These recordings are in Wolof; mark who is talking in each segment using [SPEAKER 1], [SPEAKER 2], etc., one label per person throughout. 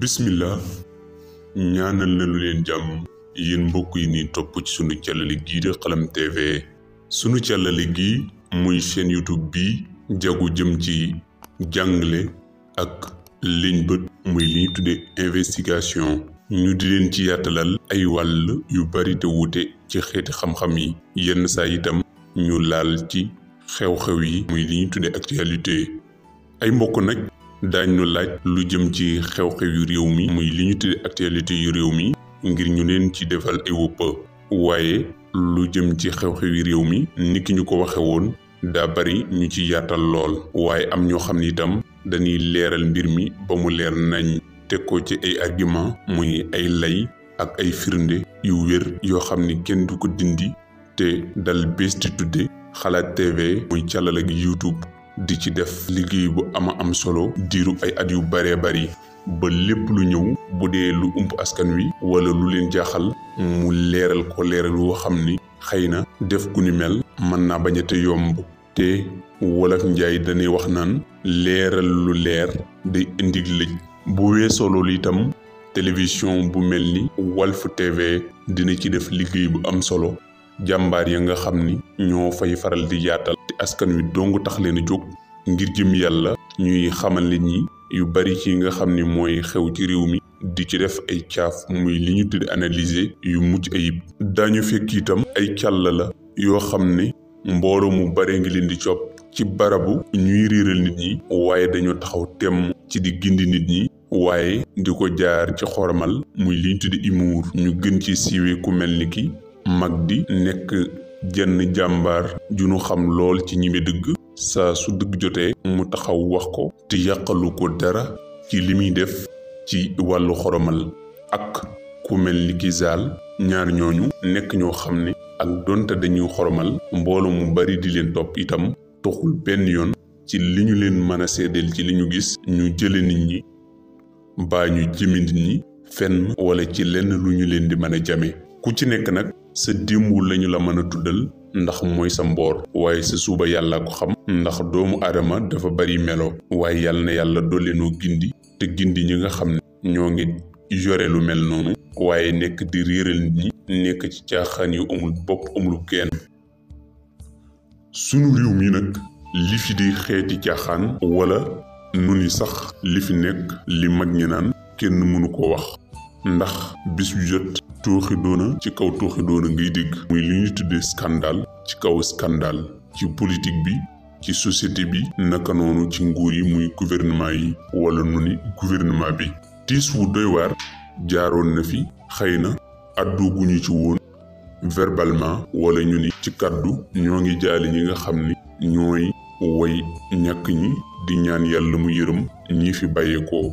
[SPEAKER 1] bismillah ñaanal na lu leen jàmm yéen mbokk yi nii topp ci sunu càllale gii di Xalam muy chaîne YouTube bi jagu jëm ci jàngale ak liñ bët muy li ñu tuddee investigation ñu di leen ci yaatalal ay wàll yu bari te wuute ci xeeti xam-xam yi yenn saa itam ñu laal ci xew-xew yi muy li ñu tuddee actualité ay mbokk nag daañu laaj lu jëm ci xew-xew yu réew mi muy li ñu tudde actualité yu réew mi ngir ñu leen ci defal ay wópp waaye lu jëm ci xew-xew yu réew mi niki ñu ko waxe woon daa bari ñu ci yaatal lool waaye am ñoo xam ne itam dañuy leeral mbir mi ba mu leer nañ teg ko ci ay argument muy ay lay ak ay firnde yu wér yoo xam ni kenn du ko dindi te dal bés di tudde Xalaat TV muy càllal ak YouTube di ci def liggéey bu ama am solo diiru ay at yu baree bari ba lépp lu ñëw bu dee lu ump askan wi wala lu leen jaaxal mu leeral ko leeral woo xam ni xëy na def ku ni mel mën naa bañate a te yomb te wolof njaay dañuy wax naan leeral lu leer day indi lëj bu weesoo loolu itam télévision bu mel ni Walf TV dina ci def liggéey bu am solo jàmbaar ya nga xam ni ñoo fay faral di yaatal te askan wi dong tax leen jóg ngir jëm yàlla ñuy xamal nit ñi yu bari ci nga xam ni mooy xew ci réew mi di ci def ay caaf muy li ñu tudd analyser yu mucc ayib daañu fekk itam ay càll la yoo xam ne mbooloo mu bare ngi leen di copp ci barabu ñuy réeral nit ñi waaye dañoo taxaw temm ci di gindi nit ñi waaye di ko jaar ci xormal muy li ñu tudd imuur ñu gën ci siiwee ku mel ni ki mag di nekk jenn jàmbar ju nu xam lool ci ñime dëgg saa su dëgg jotee mu taxaw wax ko te yàqalu ko dara ci li muy def ci wàllu xoromal ak ku mel ni ki zaal ñaar ñooñu nekk ñoo xam ne ak donte dañuy xoromal mbooloo mu bari di leen topp itam toxul benn yoon ci li ñu leen mën a seedeel ci li ñu gis ñu jële nit ñi ba ñu jëme nit ñi fenn wala ci lenn lu ñu leen di mën a jame ku ci nekk nag sa démbu lañu la mën a tuddal ndax mooy sa mboor waaye sa suuba yàlla ko xam ndax doomu aadama dafa bari meloo waaye yàlla na yàlla dollenoo gindi te gindi ñi nga xam ne ñoo ngi yore lu mel noonu waaye nekk di réeral nit ñi nekk ci caaxaan yu amul bopp amul kenn sunu réew mi nag li fi di xeeti caaxaan wala nu ni sax li fi nekk li mag ñi naan kenn mënu ko wax ndax bis yu tuuxi doona ci kaw tuuxi doona ngay dégg muy li ñuy tuddee scandale ci kaw scandale ci politique bi ci société bi naka noonu ci nguur yi muy gouvernement yi wala nu ni gouvernement bi tiis wu doy waar jaaroon na fi xëy na àddooguñu ci woon verbalement walla ñu ni ci kàddu ñoo ngi jaali ñi nga xam ni ñooy woy ñàkk ñi di ñaan yàlla mu yërëm ñi fi bàyyeekoo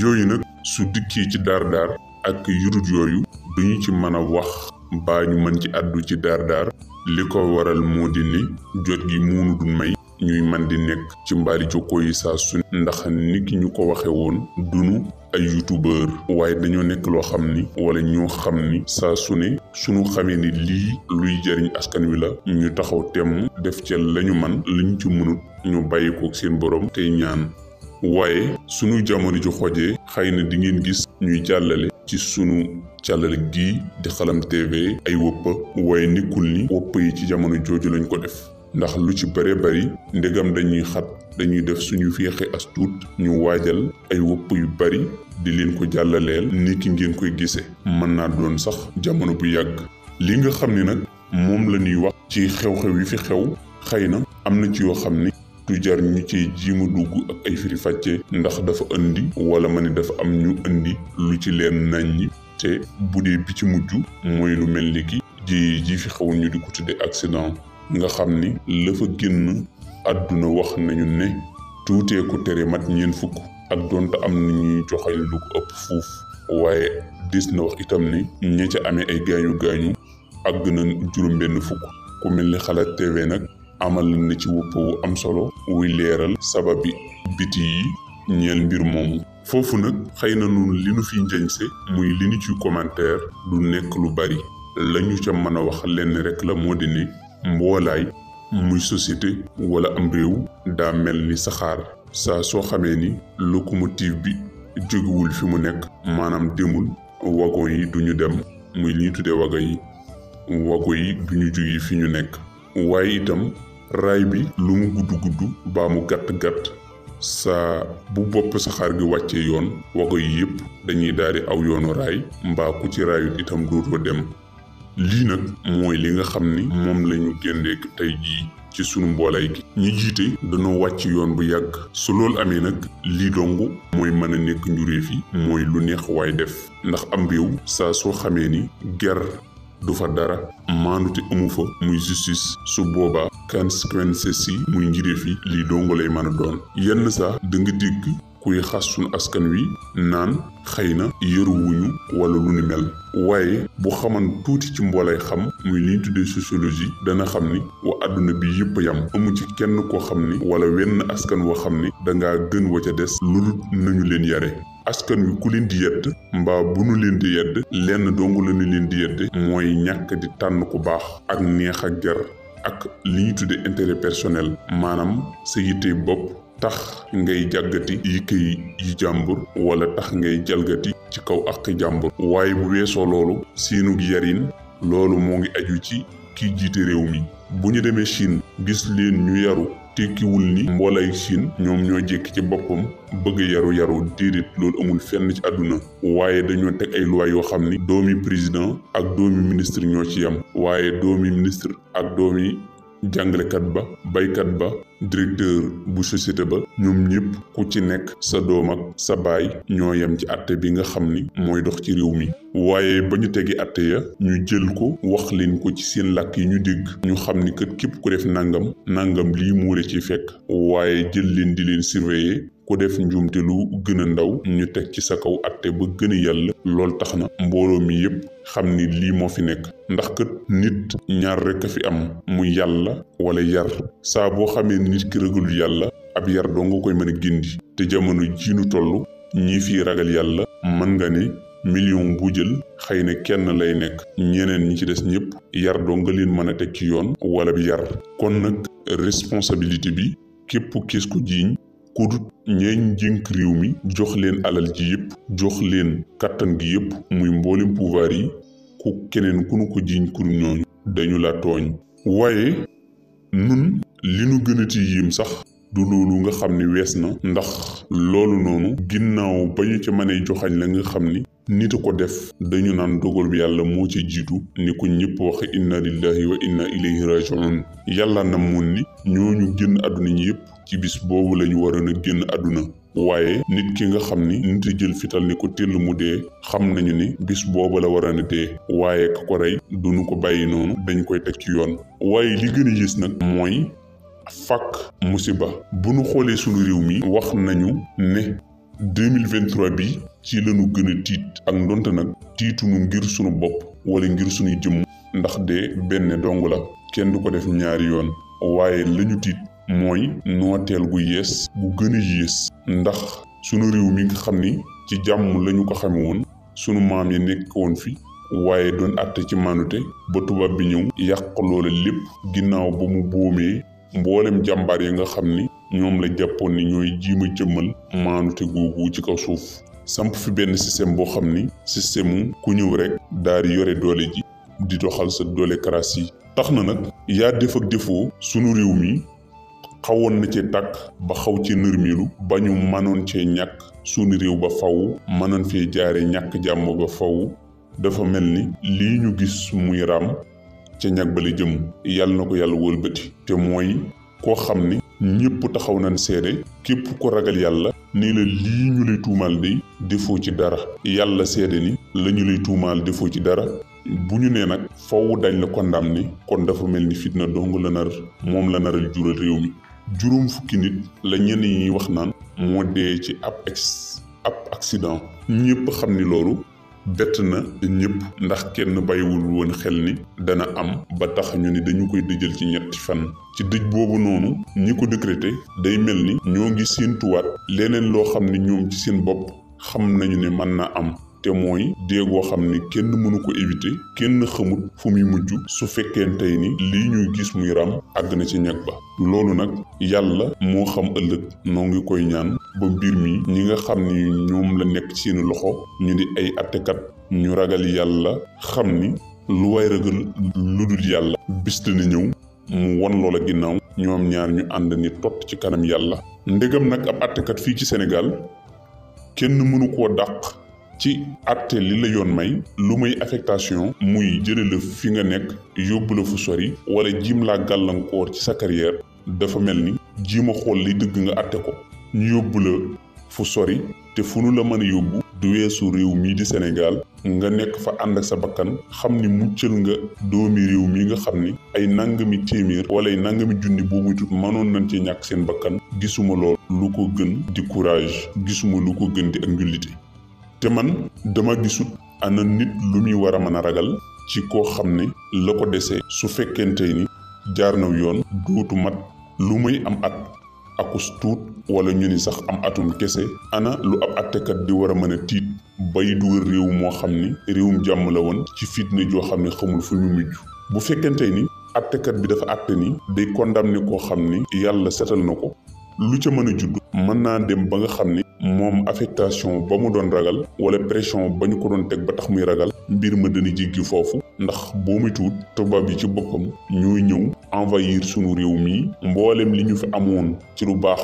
[SPEAKER 1] yooyu nag su dikkee ci daar daar ak yurut yooyu du ñu ci mën a wax mbaa ñu mën ci àddu ci daar daar li ko waral moo di ni jot gi muunu dun may ñuy man di nekk ci mbaali jokkoo yi saa su ndax ni ki ñu ko waxe woon dunu ay youtubeur waaye dañoo nekk loo xam ni wala ñoo xam ni saa su ne suñu xamee ni lii luy jariñ askan wi la ñu taxaw temm def ca lañu man lañu ci mënut ñu bàyyi ko seen borom tey ñaan waaye sunu jamono ji xojee xëy na di ngeen gis ñuy jàllale ci sunu càllal gii di xalam tv ay wëppa waaye nikkul ni wëpp yi ci jamono jooju lañ ko def ndax lu ci bare bari ndegam dañuy xat dañuy def suñu féexe as tuut ñu waajal ay wëpp yu bari di leen ko jàllaleel ni ki ngeen koy gisee mën naa doon sax jamono bu yàgg li nga xam ni nag moom la ñuy wax ci xew-xew yi fi xew xëy na am na ci yoo xam ni du jar ñu ci jiima dugg ak ay firi fàcce ndax dafa indi wala ma ne dafa am ñu indi lu ci leen naññi te bu dee bi ci mujj mooy lu mel ni ki ji ji fi xawoon ñu di ko tudde accident nga xam ni la fa génn àdduna wax nañu ne tuutee ko tere mat ñeen fukk ak doonte am na ñuy joxañ lu ko ëpp fuuf waaye dis na wax itam ne ña ca amee ay gaañu gaañu àgg na juróom benn fukk ku mel Xalaat TV nag amal na ci wuppa am solo wuy leeral sababi biti yi ñeel mbir moomu foofu nag xëy na nun li nu fi njëñse muy li nu ci commentaire du nekk lu bari lañu ca mën a wax lenn rek la moo di ne mboolaay muy société wala am réew daa mel ni saxaar saa soo xamee ni locomotive bi jógewul fi mu nekk maanaam demul wagon yi duñu dem muy li ñu tuddee wagon yi wagon yi jóge fi ñu nekk waaye itam raay bi lu mu gudd gudd baa mu gàtt gàtt saa bu bopp saxaar gi wàcce yoon wago yi yëpp dañuy daldi aw yoonu raay mbaa ku ci raayut itam dootoo dem lii nag mooy li nga xam ni moom lañu génneeg tey jii ci sunu mboolay gi ñu jiite dañoo wàcc yoon bu yàgg su loolu amee nag lii dong mooy mën a nekk njuréef yi mooy lu neex waay def ndax am réew saa soo xamee ni ger du fa dara maanute amu fa muy justice su boobaa conséquences yi muy njiréef yi lii dongo lay mën doon yenn saa danga dégg kuy xas sunu askan wi naan xëy na yëruwuñu wala lu ni mel waaye bu xaman tuuti ci mboolay xam muy li ñu tuddee sociologie dana xam ni wa àdduna bi yëpp yam amu ci kenn koo xam ni wala wenn askan woo xam ni dangaa gën wa ca des lul nañu leen yare askan wi ku leen di yedd mbaa bu nu leen di yedd lenn dong la ñu leen di yedde mooy ñàkk di tànn ku baax ak neex ak ger ak li ñu tudde intérêt personnel maanaam sa yitte bopp tax ngay jàggati yi kay yi jàmbur wala tax ngay jalgati ci kaw ak jàmbur waaye bu weesoo loolu seenu yarin loolu moo ngi aju ci kiy jiite réew mi bu ñu demee Chine gis leen ñu yaru tekkiwul ni mboolay Chine ñoom ñoo jékki ci boppam bëgg yaru yaru déedéet loolu amul fenn ci àdduna waaye dañoo teg ay luwaay yoo xam ni doomi président ak doomi ministre ñoo ci yem waaye doomi ministre ak doomi jàngalekat ba baykat ba directeur bu société ba ñoom ñëpp ku ci nekk sa doom ak sa baay ñoo yem ci àtte bi nga xam ni mooy dox ci réew mi waaye ba ñu tegi àtte ya ñu jël ko wax leen ko ci seen lakk yi ñu dégg ñu xam ni kat képp ku def nangam nangam lii muure ci fekk waaye jël leen di leen surveiller ku def njuumte lu gën ndaw ñu teg ci sa kaw atte ba gën a yàlla lool tax na mbooloo mi yépp xam ni lii moo fi nekk ndax kët nit ñaar rekk a fi am muy yàlla wala yar saa boo xamee nit ki ragalu yàlla ab yar doo nga koy mën a gindi te jamono ji nu toll ñii fiy ragal yàlla mën nga ni million bu jël xëy na kenn lay nekk ñeneen ñi ci des ñëpp yar doo nga leen mën a teg ci yoon wala bi yar kon nag responsabilité bi képp kiis ku jiiñ ku dut ñeeñ njënk mi jox leen alal ji yëpp jox leen kàttan gi yëpp muy mboolem pouvoir yi ku keneen ku nu ko jiiñ ku ñooñu dañu la tooñ waaye nun li nu gënati yéem sax du loolu nga xam ni wees na ndax loolu noonu ginnaaw ba ñu ci mënee joxañ la nga xam ni nit a ko def dañu naan dogal bi yàlla moo ci jiitu ni ko ñëpp waxe inna lillahi wa inna ilayhi rajiun yàlla na mun ni ñooñu génn àdduna ñi yëpp ci bis boobu lañu waroon a génn àdduna waaye nit ki nga xam ni nit jël fital ni ko tëll mu dee xam nañu ni bis boobu la waroon a dee waaye ka ko rey duñu ko bàyyi noonu dañ koy teg ci yoon waaye li gën a gis nag mooy fakk musiba bu nu xoolee sunu réew mi wax nañu ne 2023 bi ci lañu gën a tiit ak ndonte nag tiitunu ngir sunu bopp wala ngir sunuy jëmm ndax de benn dong la kenn du ko def ñaari yoon waaye lañu tiit mooy nooteel gu yees bu gën a ndax sunu réew mi xam ni ci jàmm lañu ko xame woon sunu maam yi nekk woon fi waaye doon àtte ci maanute ba tubaab bi ñëw yàq loola lépp ginnaaw ba mu boomee mboolem jàmbaar yi nga xam ni ñoom la jàppoon ni ñooy jiima jëmmal maanute googu ci kaw suuf samp fi benn système boo xam ni système ku ñëw rek daal di yore doole ji di doxal sa doole karaas yi tax na nag yaa def ak defoo sunu réew mi xawoon na cee tàkk ba xaw ci nërmilu ba ñu mënoon cee ñàkk sunu réew ba faw mënoon fee jaare ñàkk jàmm ba faw dafa mel ni lii ñu gis muy raam ca ñag la jëm yàlla na ko yàlla wëlbati te mooy koo xam ne ñëpp taxaw nañ seede képp ko ragal yàlla nii la lii ñu lay tuumaal day defoo ci dara yàlla seede ni la ñu lay tuumaal foo ci dara bu ñu nee nag faw dañ la condamné kon dafa mel ni fitna dong la nar moom la naral jural réew mi juróom fukki nit la ñenn yi wax naan moo dee ci ab ex ab accident xam ni loolu bett na ñëpp ndax kenn bàyyiwul woon xel ni dana am ba tax ñu ni dañu koy dëjal ci ñetti fan ci dëj boobu noonu ñi ko décrété day mel ni ñoo ngi séentuwaat leneen loo xam ne ñoom ci seen bopp xam nañu ni mën na am te mooy dee goo xam ne kenn mënu ko éviter kenn xamut fu muy mujj su fekkee tey ni lii ñuy gis muy ram àgg na ci ñag ba loolu nag yàlla moo xam ëllëg noo ngi koy ñaan ba mbir mi ñi nga xam ni ñoom la nekk ci seen loxo ñu di ay attekat ñu ragal yàlla xam ni lu way ragal lu dul yàlla bis dina ñëw mu won loola ginnaaw ñoom ñaar ñu ànd ni tott ci kanam yàlla ndegam nag ab attekat fii ci Sénégal kenn mënu koo dàq ci atte li la yoon may lu may affectation muy jële la fi nga nekk yóbbu la fu sori wala jiim laa gàllankoor ci sa dafa mel ni jiima xool li dëgg nga atte ko ñu yóbbu la fu sori te fu nu la mën a yóbbu du weesu réew mii di Sénégal nga nekk fa ànd ak sa bakkan xam ni muccal nga doomi réew mii nga xam ni ay nangami téeméer wala ay nangami junni boobu tut mënoon nañ ci ñàkk seen bakkan gisuma lool lu ko gën di courage gisuma lu ko gën di ak te man dama gisut ana nit lu muy war a mën a ragal ci koo xam ni la ko desee su fekkente ni jaar na yoon duutu mat lu muy am at akus tuut wala ñu ni sax am atum kese ana lu ab attekat di war a mën a tiit bay du réew moo xam ni réewum jàmm la woon ci fitna joo xam ne xamul fu ñu mujj bu fekkente ni attekat bi dafa àtte ni day condamné koo xam ni yàlla setal na ko lu ca mën a judd mën naa dem ba nga xam ni moom affectation ba mu doon ragal wala pression ba ñu ko doon teg ba tax muy ragal mbir ma dana jéggi foofu ndax boo muy tuut tubaab yi ci boppam ñooy ñëw envahir sunu réew mi mboolem li ñu fi amoon ci lu baax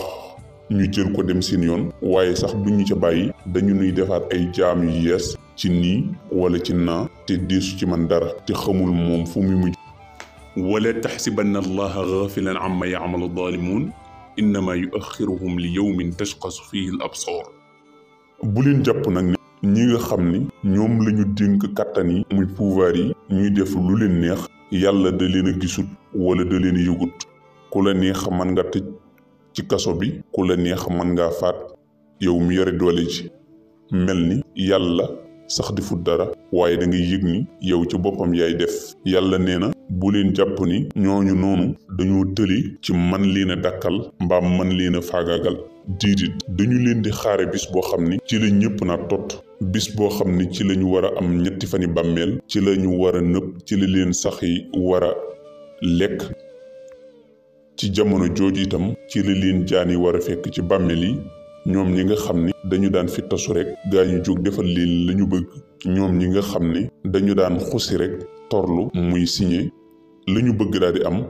[SPEAKER 1] ñu jël ko dem seen yoon waaye sax bu ñu ca bàyyi dañu nuy defaat ay jaam yu yees ci nii wala ci naa te deesu ci man dara te xamul moom fu muy mujj wala taxsibanna allaha gafilan amma yacmalu daalimuun innama yuaxiruhum li yow yawmin tashxasu fihi al absar bu leen jàpp nag ñi nga xam ni ñoom la ñu dénk kàttan yi muy pouvoir yi ñuy def lu leen neex yàlla da leen a gisut wala da leen a yëgut ku la neex man nga tëj ci kaso bi ku la neex a man nga faat yow mi yore doole ji mel ni yàlla sax di fut dara waaye da ngay yëg ni yow ci boppam yaay def yàlla nee na bu leen jàpp ni ñooñu noonu dañoo tëli ci man leen a dakkal mbaam man leen a faagaagal diidit dañu leen di xaare bis boo xam ni ci la ñëpp na tot bis boo xam ni ci la war a am ñetti yi bàmmeel ci lañu ñu war a nëb ci la leen sax yi war a lekk ci jamono jooju itam ci la leen jaan yi war a fekk ci bàmmeel yi ñoom ñi nga xam ni dañu daan fi tasu rek gaa ñu jóg defal leen la bëgg ñoom ñi nga xam ni dañu daan xusi rekk torlu muy signé la ñu bëgg daal di am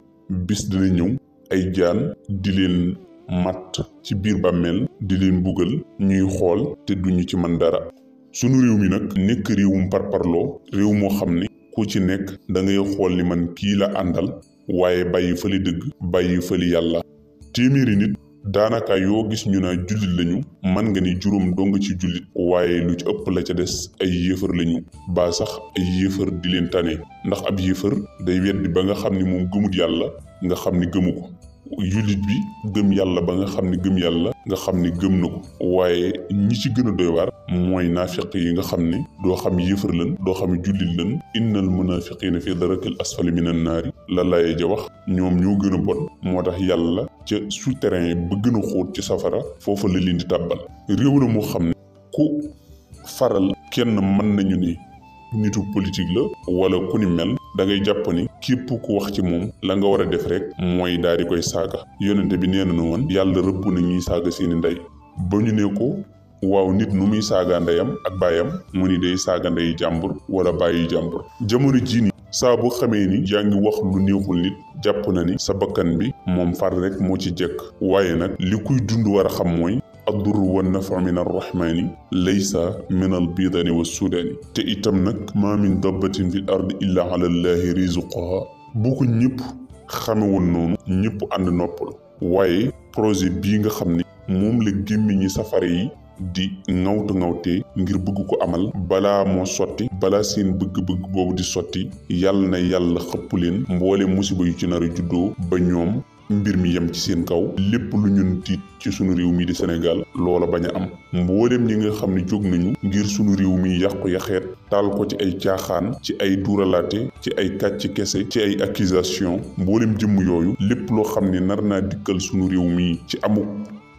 [SPEAKER 1] bis dina ñëw ay jaan di leen matt ci biir bàmmeel di leen buggal ñuy xool te duñu ci man dara sunu réew mi nag nekk réewum parparloo réew moo xam ni ku ci nekk da ngay xool ni man kii la àndal waaye bàyyi fali dëgg bàyyi fali yàlla téeméeri nit daanaka yoo gis ñu naa jullit lañu man nga ni juróom dong ci jullit waaye lu ci ëpp la ca des ay yéefar lañu ba sax ay yéefar di leen tane ndax ab yéefar day weddi ba nga xam ni moom gëmut yàlla nga xam ni gëmu ko julit bi gëm yàlla ba nga xam ne gëm yàlla nga xam ne gëm na ko waaye ñi ci gën a doy waar mooy naafiq yi nga xam ne doo xam yëfar lan doo xam jullit lan innal munafiqina fi darakil asfali min annaari la laye ja wax ñoom ñoo gën a bon moo tax yàlla ca souterrain ba gën a xóot ci safara foofa la leen di tàbbal réew la moo xam ne ku faral kenn mën nañu ni nitu politique la wala ku ni mel da ngay jàpp ni képp ku wax ci moom la nga war a def rek mooy daal di koy saaga yonente bi nee nañu woon yàlla rëbb na ñuy saaga seeni ndey ba ñu ne ko waaw nit nu muy saaga ndeyam ak baayam mu ni day saaga ndeyu jàmbur wala bàyyi jàmbur jamono jii nii saa bu xamee ni yaa ngi wax lu neexul nit jàpp na ni sa bakkan bi moom far rek moo ci jekk waaye nag li kuy dund war a xam mooy الضر والنفع من الرحمن ليس من البيضان والسودان تيتم نك ما من دبة في الأرض إلا على الله رزقها بوكو نيب خامو نونو نيب عند نوبل وي بروزي بيغا خامني موم لي جيمي سفاري دي نوت نوتي غير بوكو عمل بلا مو سوتي بلا سين بوغ بوغ بوبو دي سوتي يالنا يالا خبولين مبولي مصيبه يتي نارو جودو با mbir mi yem ci seen kaw lépp lu ñun tiit ci sunu réew mii di Sénégal loola bañ a am mboolem ñi nga xam ne jóg nañu ngir sunu réew mi ko yaxeet taal ko ci ay caaxaan ci ay duuralaate ci ay kàcc kese ci ay accusation mboolem jëmm yooyu lépp loo xam ni nar naa dikkal sunu réew mi ci amuk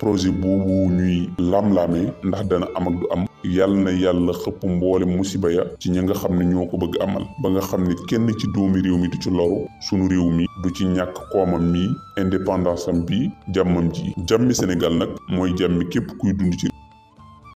[SPEAKER 1] projet boobu ñuy lam-laamee ndax dana am ak du am yàlla na yàlla xëpp mboole musiba ya ci ñi nga xam ne ñoo ko bëgg amal ba nga xam ne kenn ci doomi réew mi du ci loru sunu réew mi du ci ñàkk koomam mi indépendance am bi jàmmam ji jàmmi Sénégal nag mooy jàmmi képp kuy dund ci